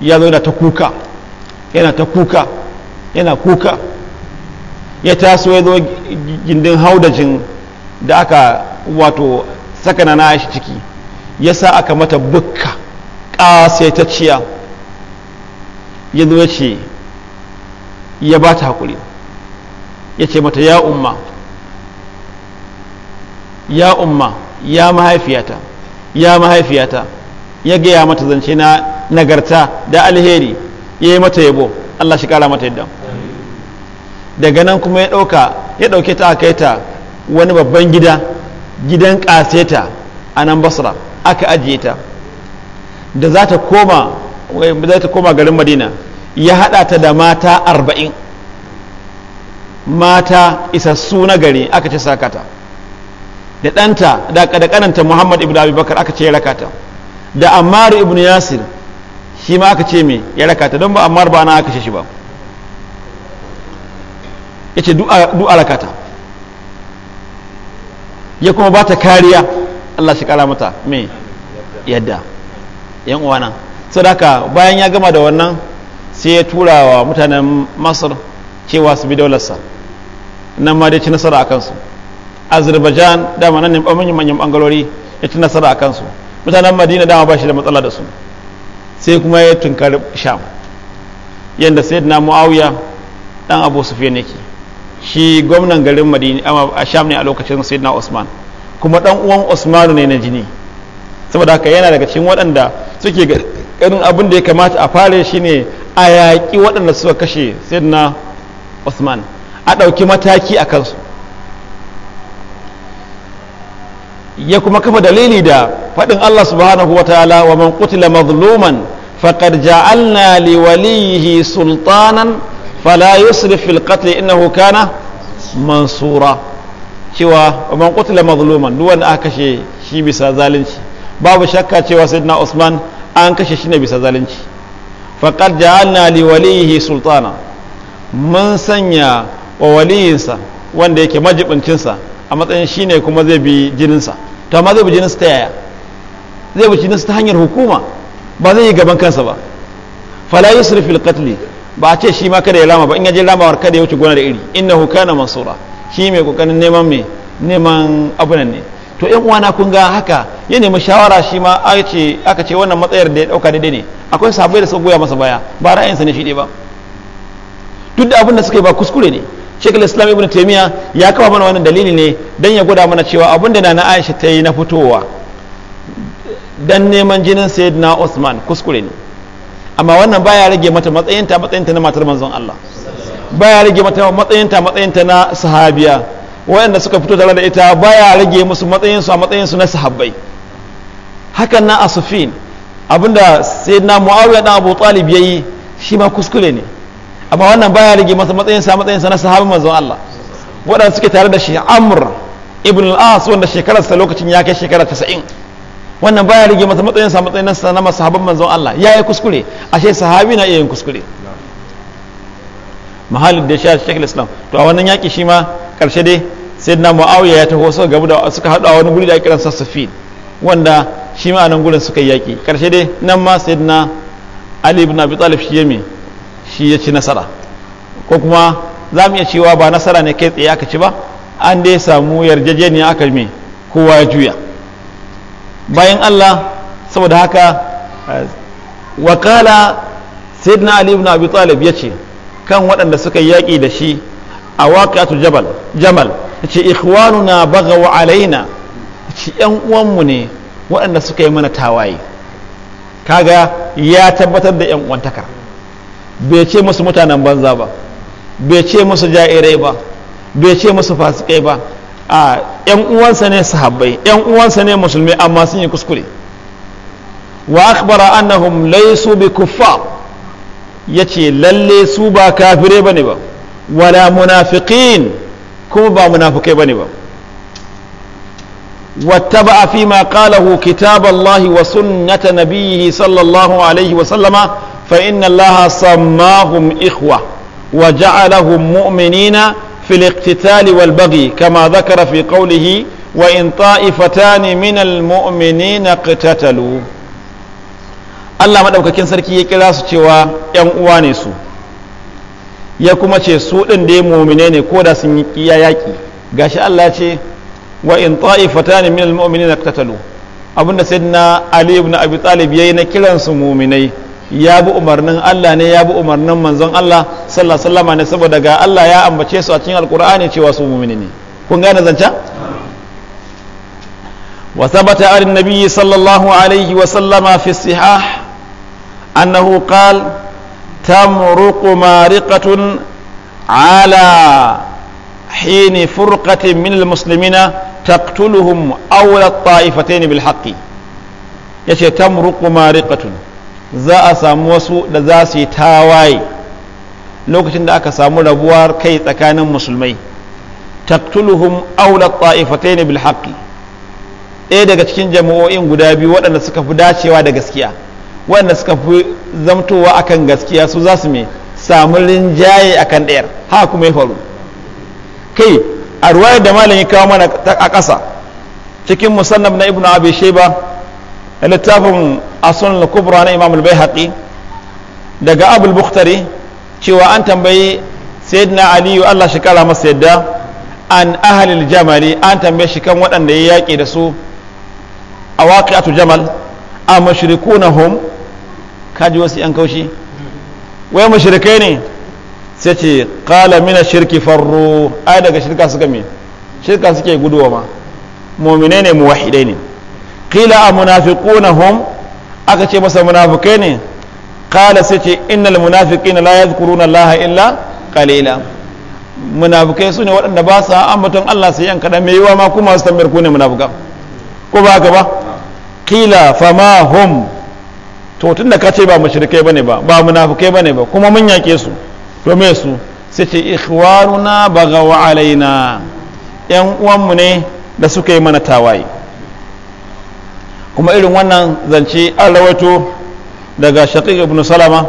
ya zo da ta kuka yana ta kuka yana kuka ya taso ya zo gindin haudajin da aka wato sakana na shi ciki ya sa aka mata bukka ƙasaitacciya ya zo ya ce ya ba ta haƙuri ya ce mata ya umma ya umma ya mahaifiyata ya mahaifiyata ya gaya mata zance na nagarta da alheri ya yi mata yabo Allah shi kara mata yadda daga nan kuma ya ɗauka ya ɗauke ta aka ta wani babban gida gidan ƙaseta a nan basra aka ajiye ta da za ta koma garin madina ya haɗa ta da mata arba'in mata isassu na gari aka ce sakata da ɗanta da ƙananta muhammad ibn abubakar aka ce ya rakata da ammar ibn yasir shi ma aka ce mai ya rakata don ba ammar ba na aka ce shi ba ya ce du'a rakata ya kuma ba ta kariya allah shi kara mata mai yadda yan uwana sadaka bayan ya gama da wannan sai ya tura wa mutanen masar cewa su bi daularsa nan ma dai ci nasara a kansu azerbaijan dama nan ne manyan bangalori ya ci nasara a kansu mutanen madina dama ba shi da matsala da su sai kuma ya tunkar sham yadda sai na mu'awiya dan abu su fiye yake shi gwamnan garin madina a sham ne a lokacin na usman kuma dan uwan usmanu ne na jini saboda haka yana daga cikin waɗanda suke ganin abin da ya kamata a fare shi ne a yaƙi waɗanda suka kashe sayyidina Usman a ɗauki mataki a kansu ya kuma kafa dalili da faɗin Allah subhanahu wa ta'ala wa man qutila mazluman faƙar ja'alna li walihi sultanan fala yusrif fil qatl innahu kana mansura cewa wa man qutila mazluman duk aka kashe shi bisa zalunci babu shakka cewa sidna Usman an kashe shi ne bisa zalunci faƙar ja'alna li walihi sultana mun sanya wa waliyinsa wanda yake majibincinsa a matsayin shi ne kuma zai bi jininsa to amma zai bi jininsa ta yaya zai bi jininsa ta hanyar hukuma ba zai yi gaban kansa ba fala yusrif fil qatl ba a ce shi ma kada ya lama ba in ya je lamawar kada ya wuce gona da iri innahu kana mansura shi mai kokarin neman me neman abunan ne to yan uwana kun ga haka ya nemi shawara shi ma aka ce wannan matsayar da ya dauka daidai ne akwai sabai da suka goya masa baya ba ra'ayinsa ne shi ne ba duk da abin da suka yi ba kuskure ne shekul islam ibn taimiya ya kafa mana wannan dalili ne don ya gwada mana cewa abin da na aisha ta yi na fitowa don neman jinin sayyidina usman kuskure ne amma wannan baya rage mata matsayinta matsayinta na matar manzon allah baya rage mata matsayinta matsayinta na sahabiya wayanda suka fito tare da ita baya rage musu matsayinsu a matsayinsu na sahabbai hakan na asufin abinda na muawiya dan abu talib yayi shi ma kuskure ne amma wannan baya rage masa matsayinsa a matsayinsa na sahabban manzon Allah waɗanda suke tare da shi amr ibn al-as wanda shekararsa lokacin ya kai shekara 90 wannan baya rage masa matsayinsa a matsayinsa na sahabban manzon Allah yayi kuskure ashe sahabi na iya yin kuskure mahalin da ya a cikin islam to a wannan yaki shi ma karshe dai sai na ma'auya ya taho suka gabu da suka haɗu a wani guri da ake kiransa safin wanda shi ma nan gurin suka yaƙi ƙarshe dai nan ma sai na ali ibn abi talib shi yami shi ya ci nasara ko kuma za mu iya cewa ba nasara ne kai tsaye aka ci ba an dai samu yarjejeniya aka mai kowa ya juya bayan Allah saboda haka wakala sayyidina ali ibn abi talib ya ce kan waɗanda suka yi yaƙi da shi a waƙatu jamal ce baga wa alaina ce yan uwanmu ne waɗanda suka yi mana tawaye kaga ya tabbatar da yan uwantaka bai ce musu mutanen banza ba bai ce musu ja'irai ba bai ce musu fasikai ba a yan uwansa ne sahabbai yan uwansa ne musulmi amma sun yi kuskure wa akbara annahum laysu bi kuffar yace lalle su ba kafire bane ba wala munafiqin kuma ba munafukai bane ba wattaba fima qalahu kitaballahi wa sunnata nabiyhi sallallahu alaihi wa sallama fa inna allaha sammahum ikhwa wa ja'alahum mu'minina fil iqtitali wal baghi kama dhakara fi qawlihi wa in ta'ifatani min al mu'minina qatatalu Allah madaukakin sarki ya kira su cewa yan uwa ne su ya kuma ce su ɗin da ya mumine ne ko da sun yi kiya yaƙi gashi Allah ce wa in ne min al-mu'minina na abinda na Ali ibn Abi Talib yayi na kiransu su muminai ya bi umarnin Allah ne ya bi umarnin manzon Allah sallallahu alaihi ne saboda ga Allah ya ambace su a cikin alqur'ani cewa su mumini ne kun gane zancan wa thabata an nabiyyi sallallahu alaihi wasallam fi sihah annahu qala تمرق مارقة على حين فرقة من المسلمين تقتلهم أولى الطائفتين بالحق يشي تمرق مارقة za a samu wasu da za su yi tawaye lokacin da aka samu rabuwar kai tsakanin musulmai taktuluhum aula ta'ifatayn ne haqqi ɗaya daga cikin jama'o'in guda biyu waɗanda suka fi dacewa da gaskiya wanda suka fi zamtowa akan gaskiya su za su me samu rinjaye akan ɗayar ha kuma ya faru kai a ruwayar da malam ya kawo mana a ƙasa cikin musannaf na ibnu abi shayba littafin asun kubra na imam al-baihaqi daga abul bukhtari cewa an tambayi sayyidina aliyu Allah shi kara masa yadda an ahalil jamali an tambayi shi kan waɗanda ya yaƙi da su a waqi'atu jamal a hom. kaji wasu yan kaushi wai mashirkai ne sai ce kala mina shirki farro ai daga shirka suka mi. shirka suke guduwa ma mu'mine ne muwahidai ne kila a na hum aka ce masa munafikai ne kala sai ce innal munafiqina kuru na laha illa kalila munafikai su ne waɗanda ba sa ambaton Allah sai yan kaɗan mai yiwa ma kuma su tambayar ku ne munafuka ko ba haka ba kila fama hum to tun da ka ce ba mushrikai bane ba ba munafukai bane ba kuma mun yaƙe su to me su sai ce ikhwanuna bagaw alaina yan uwanmu ne da suka yi mana tawaye kuma irin wannan zance an rawaito daga shaqiq ibn salama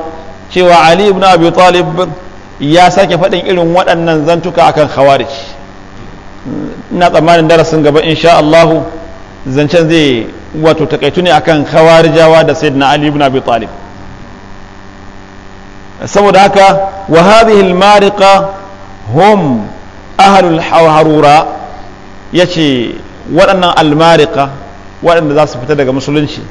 cewa ali ibn abi talib ya sake faɗin irin waɗannan zantuka akan khawarij ina tsammanin darasin gaba insha Allah zancen zai wato takaitu ne akan khawarijawa da sayyidina ali ibn abi talib saboda haka wa hadhihi al mariqa hum al harura yace waɗannan al mariqa waɗanda za su fita daga musulunci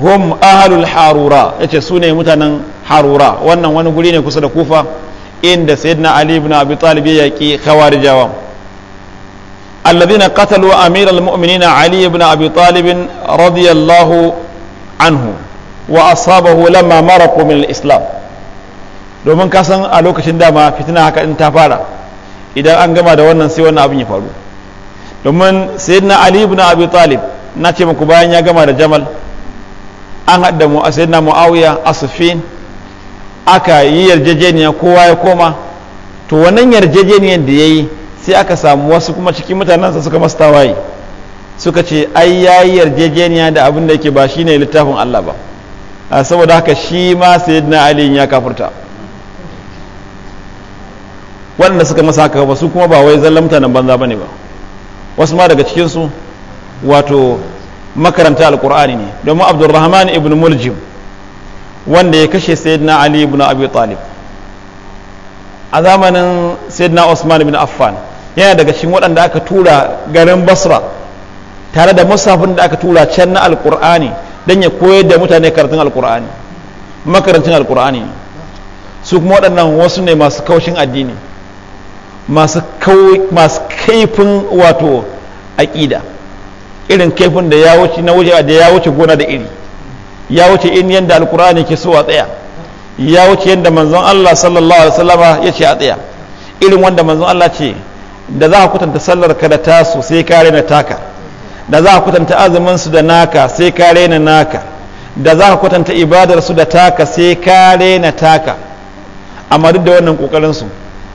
hum al harura yace su ne mutanen harura wannan wani guri ne kusa da kufa inda sayyidina ali ibn abi talib ya yaki khawarijawa الذين قتلوا أمير المؤمنين علي بن أبي طالب رضي الله عنه وأصابه لما مرقوا من الإسلام domin ka san a lokacin dama fitina haka in ta fara idan an gama da wannan sai wannan abin ya faru domin sayyidina ali ibn abi talib na ce muku bayan ya gama da jamal an haɗa mu a sayyidina muawiya asufin aka yi yarjejeniya kowa ya koma to wannan yarjejeniyar da ya yi sai aka samu wasu kuma cikin mutanensa suka masu tawaye suka ce ai yayi yarjejeniya da abin da yake ba shi ne littafin Allah ba saboda haka shi ma sayyidina Ali ya kafirta waɗanda suka masa haka ba su kuma ba wai zallan mutanen banza bane ba wasu ma daga cikin su wato makaranta alqur'ani ne domin Abdulrahman ibn Muljim wanda ya kashe sayyidina Ali ibn Abi Talib a zamanin sayyidina Usman ibn Affan yana daga cikin waɗanda aka tura garin basra tare da musafin da aka tura can na alƙur'ani don ya koyar da mutane karatun alƙur'ani makarancin alƙur'ani su kuma waɗannan wasu ne masu kaushin addini masu kaifin wato aƙida irin kaifin da ya wuce na wuce da ya wuce gona da iri ya wuce in yadda alƙur'ani ke so a tsaya ya wuce yadda manzon Allah sallallahu alaihi wasallama ya ce a tsaya irin wanda manzon Allah ce da za ka kwatanta sallar ka da tasu sai ka rena taka da za ka kwatanta azumin su da naka sai ka rena naka da za ka kwatanta ibadar su da taka sai ka rena taka amma duk da wannan kokarin su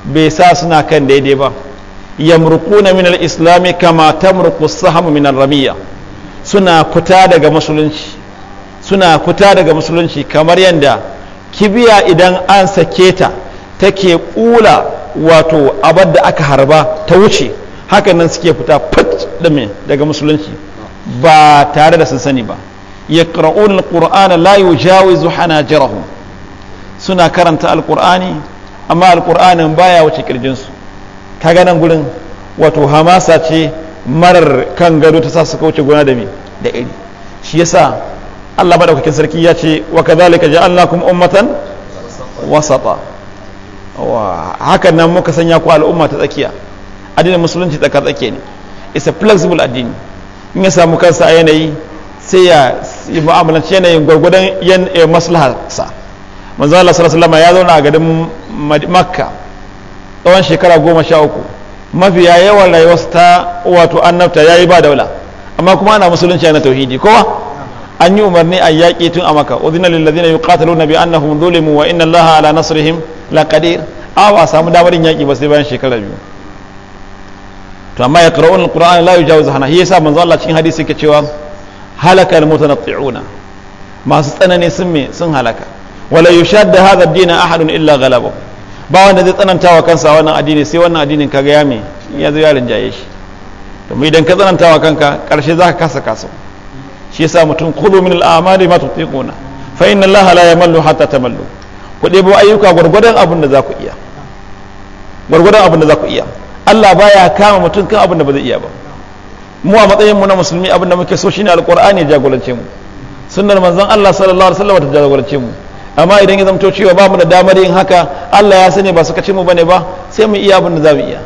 bai sa suna kan daidai ba yamruquna min al-islami kama tamruqu as min ar suna kuta daga musulunci suna kuta daga musulunci kamar yadda kibiya idan an sake ta take kula wato abar da aka harba ta wuce hakan nan suke fita fat daga musulunci ba tare da sun sani ba ƙurana layu la yujawizu jirahu suna karanta Al-ƙur'ani amma ba baya wuce ƙirjinsu. Ta ganin gudun wato hamasa ce marar kan gado ta sa su kauce gona da me da iri shi yasa Allah maɗaukakin sarki ya ce wa ka kadhalika kuma ummatan wasata hakan nan muka sanya ku al'umma ta tsakiya addinin musulunci tsakar tsakiya ne isa flexible addini in ya samu kansa a yanayi sai ya yi mu'amalanci yanayin gwargwadon yan eh, sa manzo Allah sallallahu alaihi ya zauna a garin Makka tsawon shekara goma sha uku mafiya yawan rayuwarsa ta wato annabta yi ba daula amma kuma ana musulunci ana tauhidi kowa an yi umarni a yaƙi tun a maka udhina lil ladina yuqataluna bi annahum zulimu wa inna allaha ala nasrihim laqadir Awa samu damar yaƙi ba sai bayan shekara biyu to amma ya qara'un alquran la yujawizu hana shi yasa manzo Allah cikin hadisi yake cewa halaka almutanatti'una masu tsanani sun me sun halaka wala yushadda hadha ad-din ahadun illa ghalaba ba wanda zai tsananta wa kansa wannan addini sai wannan addinin kaga ya me ya zo ya rinjaye shi to idan ka tsananta wa kanka karshe zaka kasa kasa shi yasa mutum kulu min al'amali ma tutiquna fa inna allaha la yamallu hatta tamallu ku debo ayyuka gurgurdan abin da zaku iya gurgurdan abin da zaku iya Allah baya kama mutum kan abin da ba zai iya ba mu a matsayin mu na musulmi abin da muke so shine alqur'ani ya jagorance mu sunnar manzon Allah sallallahu alaihi wasallam ta jagorance mu amma idan ya zamto cewa ba mu da damar yin haka Allah ya sani ba suka ce mu bane ba sai mu iya abin da za mu iya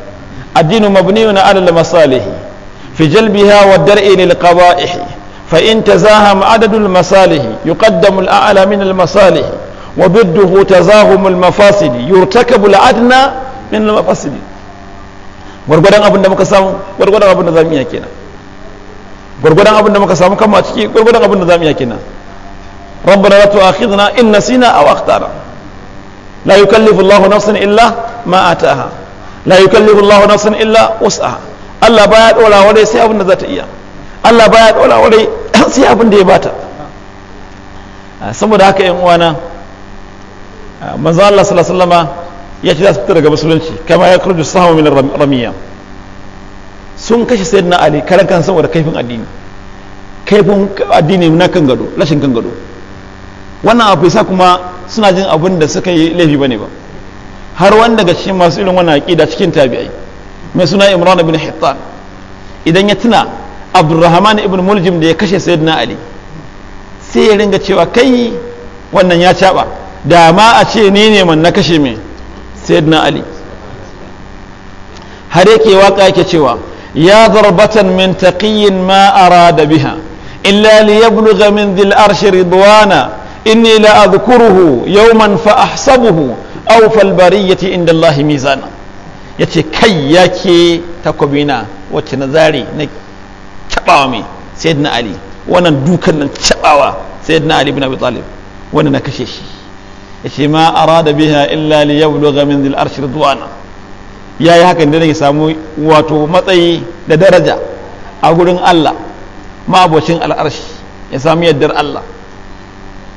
addinu mabniyun ala al-masalih fi jalbiha wa dar'i lil qawaihi فإن تزاهم عدد المصالح يقدم الأعلى من المصالح وضده تزاهم المفاسد يرتكب الأدنى من المفاسد gwargwadon abin da muka samu gwargwadon abin da zamu iya kenan gwargwadon abin da muka samu kama a ciki gwargwadon abin da zamu iya kenan rabbana la tu'akhidna in nasina aw akhtana la yukallifu Allahu nafsan illa ma ataha la yukallifu Allahu nafsan illa wus'aha Allah baya dora wa sai abin da za ta iya Allah baya ɗaura wurai sai abin da ya bata ah, saboda haka yan uwana ah, manzo Allah sallallahu alaihi ya ce za su fita daga musulunci kama ya kurdu sama min ramiya sun kashe sayyidina ali karan kan saboda kaifin addini kaifin addini na kan gado rashin kan gado wannan abu sa kuma suna jin abin da suka yi laifi bane ba har wani daga cikin masu irin wannan aqida cikin tabi'ai mai suna imran bin hittan idan ya tuna Abdulrahman ibn muljim da ya kashe sayyidina ali sai ya ringa cewa kai wannan ya caba da ma a ce ni ne man na kashe mai sayyidina ali har yake waka yake cewa ya zarbatan min taqiyyin ma arada biha illa yablugha min dhil arshi ridwana inni la adhkuruhu yawman fa ahsabuhu aw fal bariyati inda Allah mizana yace kai yake takobina wacce na zare na cabawa mai sayyidina ali wannan dukan nan cabawa sayyidina ali ibn abi talib wannan na kashe shi yace ma arada biha illa li yablugha min dhil arsh ridwana yayi hakan dan ya samu wato matsayi da daraja a gurin Allah ma abocin al'arshi ya samu yaddar Allah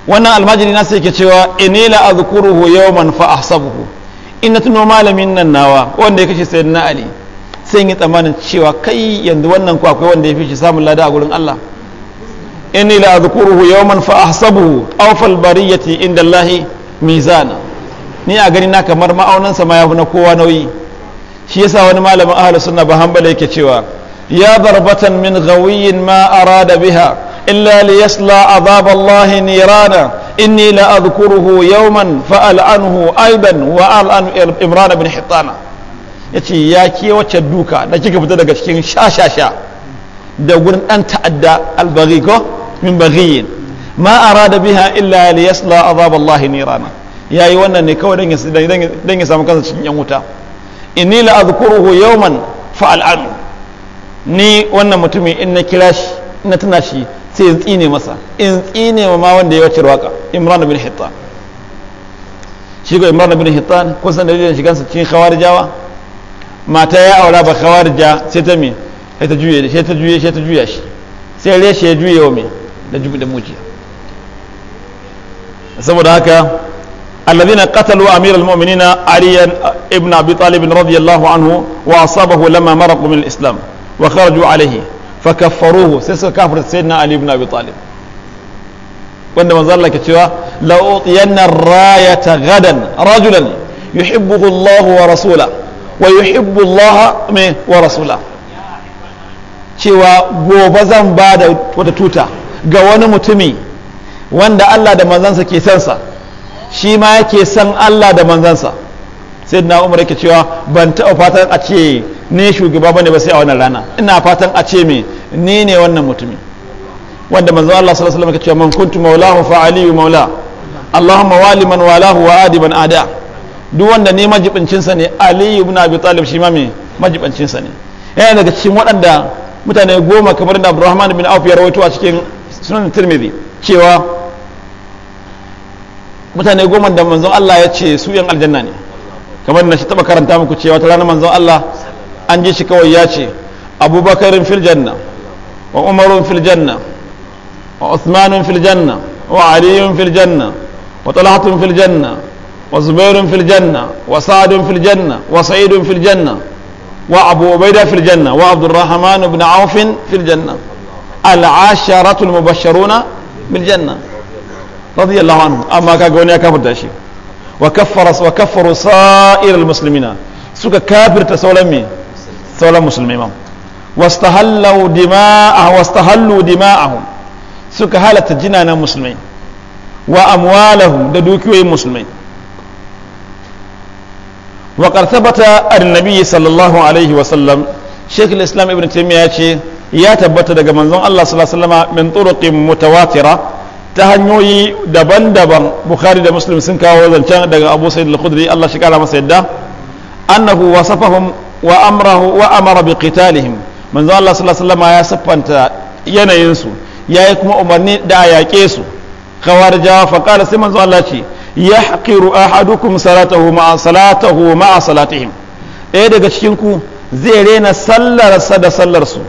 wannan almajiri na sai ke cewa inni la azkuruhu yawman fa ahsabuhu in tuno malamin nan nawa wanda ya kashe sayyidina ali sai yi tsammanin cewa kai yanzu wannan ku akwai wanda ya fi shi samun lada a gurin Allah inni la azkuruhu yawman fa ahsabuhu awfal bariyati inda Allah mizana ni a gani na kamar ma'aunan sa ma yafi na kowa nauyi shi yasa wani malamin ahlus sunna ba hanbala yake cewa ya darbatan min ghawiyyin ma arada biha illa yasla azab Allah nirana inni la azkuruhu yawman fa al'anhu aidan wa al'an imran bin hitana ya ce ya ke wacce duka da kika fita daga cikin sha-sha-sha da gudun ɗan ta'adda albari ko min bariyin ma arada biha illa li yasla azab Allah ya yi wannan ne kawai don ya samu kansa cikin yan wuta inni la azkuruhu yawman fa al'anu ni wannan mutumi in na kira shi na tuna shi sai in tsine masa in tsine ma wanda ya wacce waka imran bin hittan shi ko imran bin hittan kun san dalilin shigansa cikin khawarijawa mata ya aura ba kawarja sai ta me sai ta juye sai ta juye sai ta juya shi sai reshe ya juye wa me da jubu da mujiya saboda haka الذين قتلوا أمير المؤمنين علي ابن أبي طالب رضي الله عنه وأصابه لما مرقوا من الإسلام وخرجوا عليه فكفروه سيسر كافر سيدنا علي بن أبي طالب وأن من ظل كتوا لأعطين الراية غدا رجلا يحبه الله ورسوله wa yuhibbu Allah me wa rasula cewa gobe zan ba da wata tuta ga wani mutumi wanda Allah da manzansa ke son sa shi ma yake son Allah da manzansa sai na umar yake cewa ban taɓa fatan a ce ne shugaba bane ba sai a wannan rana ina fatan a ce me ni ne wannan mutumi. wanda manzon Allah sallallahu alaihi wasallam yake cewa man kuntu maulahu fa aliyu maula Allahumma wali man walahu wa adi man ada duk wanda ne majibincinsa ne ali ibn abi talib shi ma me majibincinsa ne yana daga cikin waɗanda mutane goma kamar da abdurrahman bin auf ya rawaito a cikin sunan tirmidhi cewa mutane goma da manzon Allah ya ce su yan aljanna ne kamar na shi taba karanta muku cewa ta ranar manzon Allah an ji shi kawai ya ce abubakarin fil janna wa umarun fil janna wa usmanun fil janna wa aliyun fil janna wa talhatun fil janna وزبير في الجنة وسعد في الجنة وسعيد في الجنة وأبو عبيدة في الجنة وعبد الرحمن بن عوف في الجنة العشرة المبشرون بالجنة رضي الله عنهم أما كاغونيا كفر داشي وكفر وكفروا سائر المسلمين سوك كافر تسولمي سولا مسلمين واستهلوا دماءهم واستهلوا دماءهم سوك هالة جنان مسلمين وأموالهم دوكيوين مسلمين وقد ثبت النبي صلى الله عليه وسلم شيخ الإسلام ابن تيمية ya tabbata daga manzon Allah sallallahu alaihi wasallam min turuqin mutawatira ta hanyoyi daban-daban Bukhari da Muslim sun kawo zancen daga Abu Sa'id al-Khudri Allah shi kara masa yadda annahu wasafahum wa amrahu wa amara bi qitalihim manzon Allah sallallahu alaihi wasallam ya siffanta yanayin su yayi kuma umarni da a yaƙe su khawarijawa fa qala sai manzon Allah ce yahqiru ahadukum salatahu ma salatahu ma salatihim ɗaya daga cikin ku zai rena sallarsa da sallarsu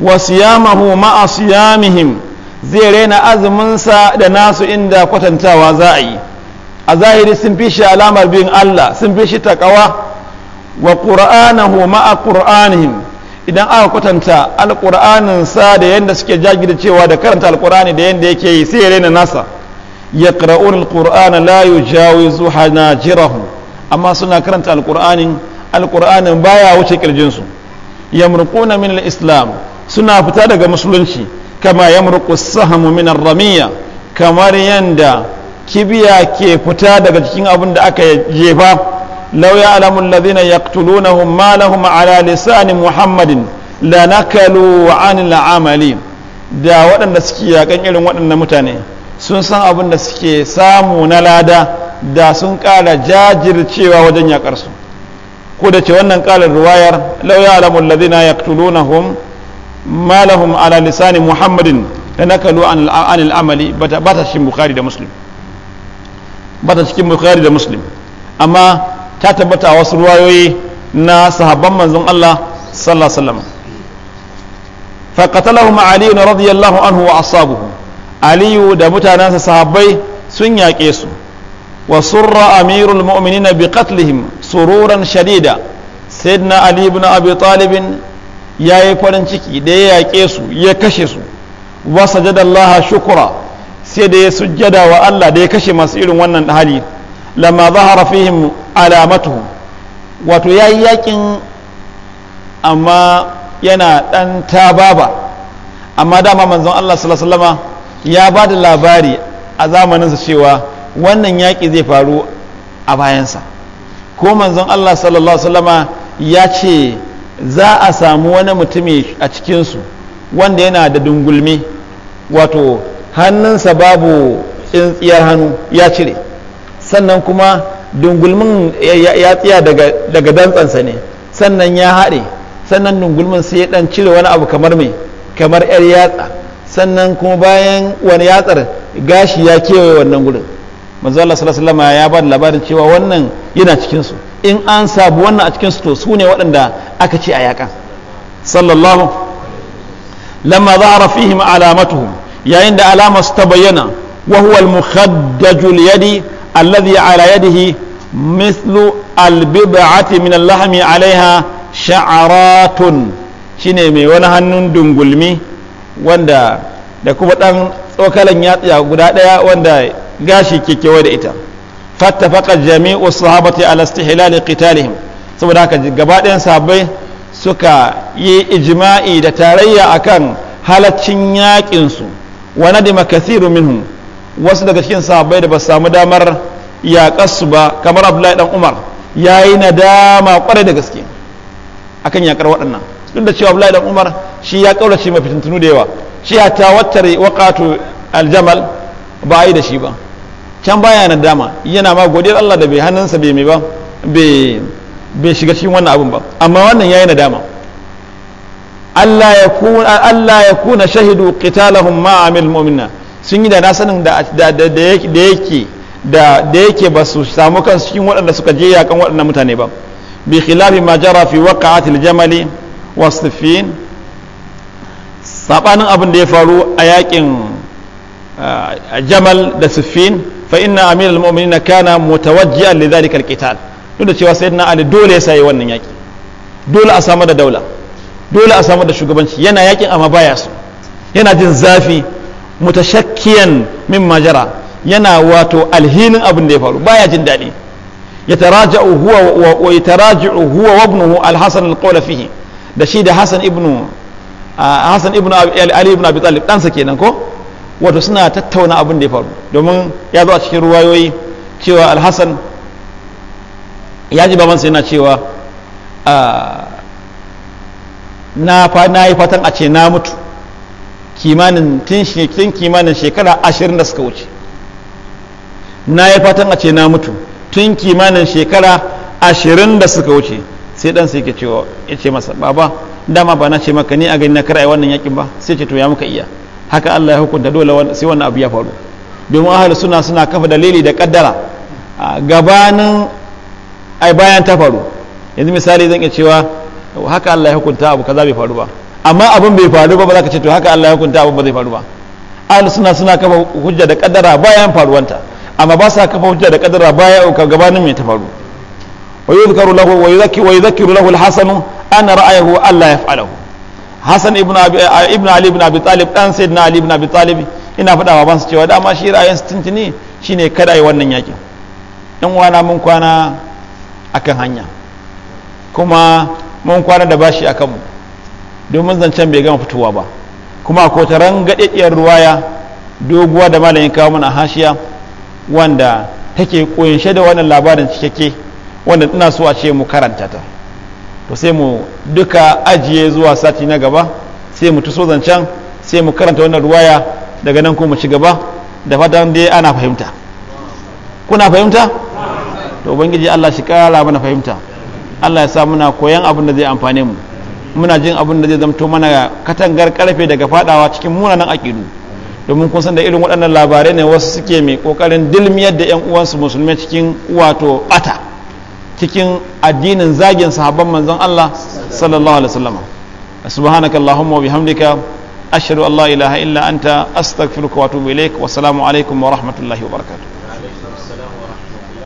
wa siyamahu ma siyamihim zai rena azuminsa da nasu inda kwatantawa za a yi a zahiri sun fi shi alamar bin Allah sun fi shi takawa wa qur'anahu ma qur'anihim idan aka kwatanta sa da yanda suke cewa da karanta alqur'ani da yanda yake yi sai ya rena nasa yaqra'una alqur'ana la yujawizu hanajirahu amma suna karanta alqur'anin alqur'anin baya wuce kirjin su yamruquna min alislam suna fita daga musulunci kama yamruqu as-sahmu min ramiyya kamar yanda kibiya ke fita daga cikin abin da aka jefa law ya'lamu alladhina yaqtulunahum ma lahum ala lisani muhammadin lanakalu 'anil amali da waɗanda suke yakan irin waɗannan mutane sun san abin da suke samu na lada da sun kala jajircewa wajen yaƙarsu ko da ce wannan kalar ruwayar lauya alamun lazina ya tulunahum malahum ala lisani muhammadin da na kalu an al'amali ba ta cikin bukari da muslim ba ta cikin bukari da muslim amma ta tabbata a wasu ruwayoyi na sahabban manzon allah sallallahu alaihi wasallam فقتلهم علي radiyallahu anhu wa واصحابه aliyu da mutanensa sahabbai sun yaƙe su wa surra amirul mu'minin bi qatlihim sururan shadida sayyidina ali ibn abi talibin yayi farin ciki da ya yaƙe su ya kashe su wa sajadallaha shukura sai da ya sujjada wa Allah da ya kashe masu irin wannan hali lamma zahara fihim alamatuhum wato yayi yakin amma yana dan tababa amma dama manzon Allah sallallahu alaihi wasallama ya ba da labari a zamaninsa cewa wannan yaƙi zai faru a bayansa ko manzon Allah sallallahu Alaihi ya ce za a samu wani mutumi a cikinsu wanda yana da dungulmi wato hannunsa babu tsintsiyar hannu ya cire sannan kuma dungulmin ya tsiya daga dantsansa ne sannan ya haɗe sannan dungulmin sai ya ɗan cire wani abu kamar mai kamar 'yar yatsa sannan kuma bayan wani yatsar gashi ya kewaye wannan gurin manzo sallallahu ya ba da labarin cewa wannan yana cikin in an sabu wannan a cikin to su ne waɗanda aka ce a yakan sallallahu lamma zahara fihim alamatu yayin da alama su ta bayyana wa huwa al-mukhaddaju al-yadi alladhi ala yadihi mithlu al-bid'ati min al-lahmi alaiha sha'aratun shine mai wani hannun dungulmi wanda da kuma ɗan tsokalan yatsa guda ɗaya wanda gashi ke kewa da ita fattafaqa jami'u sahabati ala istihlal qitalihim saboda haka gaba ɗayan sahabbai suka yi ijma'i da tarayya akan halaccin yakin su wa nadima kathiru minhum wasu daga cikin sahabbai da ba samu damar yaƙarsu ba kamar abdullahi dan umar yayi nadama kwarai da gaske akan yakar waɗannan duk da cewa Abdullahi dan Umar shi ya kaulace ma fitintunu da yawa shi ya tawattare waqatu aljamal ba yi da shi ba can baya na dama yana ma godiyar Allah da bai hannunsa bai mai ba bai shiga cikin wannan abin ba amma wannan yayi na dama Allah ya kuna Allah ya kuna shahidu qitalahum ma amil mu'minina sun yi da na sanin da da yake da da yake ba su samu kansu cikin waɗanda suka je yakan waɗannan mutane ba bi khilafi ma jara fi waqa'atil jamali wasifin saɓanin abin da ya faru a yakin jamal da siffin fa inna amiral na kana mutawajjian li dhalika alqital duk da cewa sayyidina ali dole ya sayi wannan yaki dole a samu da daula dole a samu da shugabanci yana yakin amma baya so yana jin zafi mutashakkiyan min majara yana wato alhinin abin da ya faru baya jin daɗi ya huwa wa yataraja'u huwa wa ibnuhu al-hasan al-qawla fihi da shi da Hassan ibn Hassan ibn Ali ibn Abi Talib ɗansa kenan ko wato suna tattauna abin da ya faru domin ya zo a cikin ruwayoyi cewa Al-Hassan ya ji babansa yana cewa na na yi fatan a ce na mutu kimanin tun kimanin shekara ashirin da suka wuce na yi fatan a ce na mutu tun kimanin shekara ashirin da suka wuce sai dan sai ke cewa ya ce masa baba dama ba na ce maka ni a gani na karai wannan yakin ba sai ce to ya muka iya haka Allah ya hukunta dole sai wannan abu ya faru domin ahalu suna suna kafa dalili da kaddara gabanin ai bayan ta faru yanzu misali zan iya cewa haka Allah ya hukunta abu kaza bai faru ba amma abin bai faru ba ba za ka ce to haka Allah ya hukunta abu ba zai faru ba ahalu suna suna kafa hujja da kaddara bayan faruwanta amma ba sa kafa hujja da kaddara bayan gabanin mai ta faru wa له lahu wa yuzakki wa yuzakkiru lahu al-hasan an ra'ayahu alla ابن hasan ibn ibn ali ibn abi talib dan ali ibn abi ina faɗa baban cewa dama shi ra'ayin tuntuni shine kada yi wannan yakin dan wana mun kwana akan hanya kuma mun kwana da bashi akan mu domin zancen bai gama fitowa ba kuma ko taran gadediyar ruwaya doguwa da malamin kawo mana hashiya wanda take koyin da wannan labarin cikakke wanda ina so a ce mu karanta ta to sai mu duka ajiye zuwa sati na gaba sai mu tuso zancen sai mu karanta wannan ruwaya daga nan kuma ci gaba da fatan dai ana fahimta kuna fahimta to ubangiji Allah shi kara mana fahimta Allah ya sa muna koyan abin da zai amfane mu muna jin abin da zai zamto mana katangar karfe daga fadawa cikin munanan aqidu domin kun san da irin waɗannan labarai ne wasu suke mai kokarin dilmiyar da 'yan uwansu musulmai cikin wato ɓata cikin addinin zagin sahabban manzon Allah sallallahu alaihi wasallam subhanaka allahumma wa bihamdika ashhadu an la ilaha illa anta astaghfiruka wa atubu ilaik wa assalamu alaikum wa rahmatullahi wa barakatuh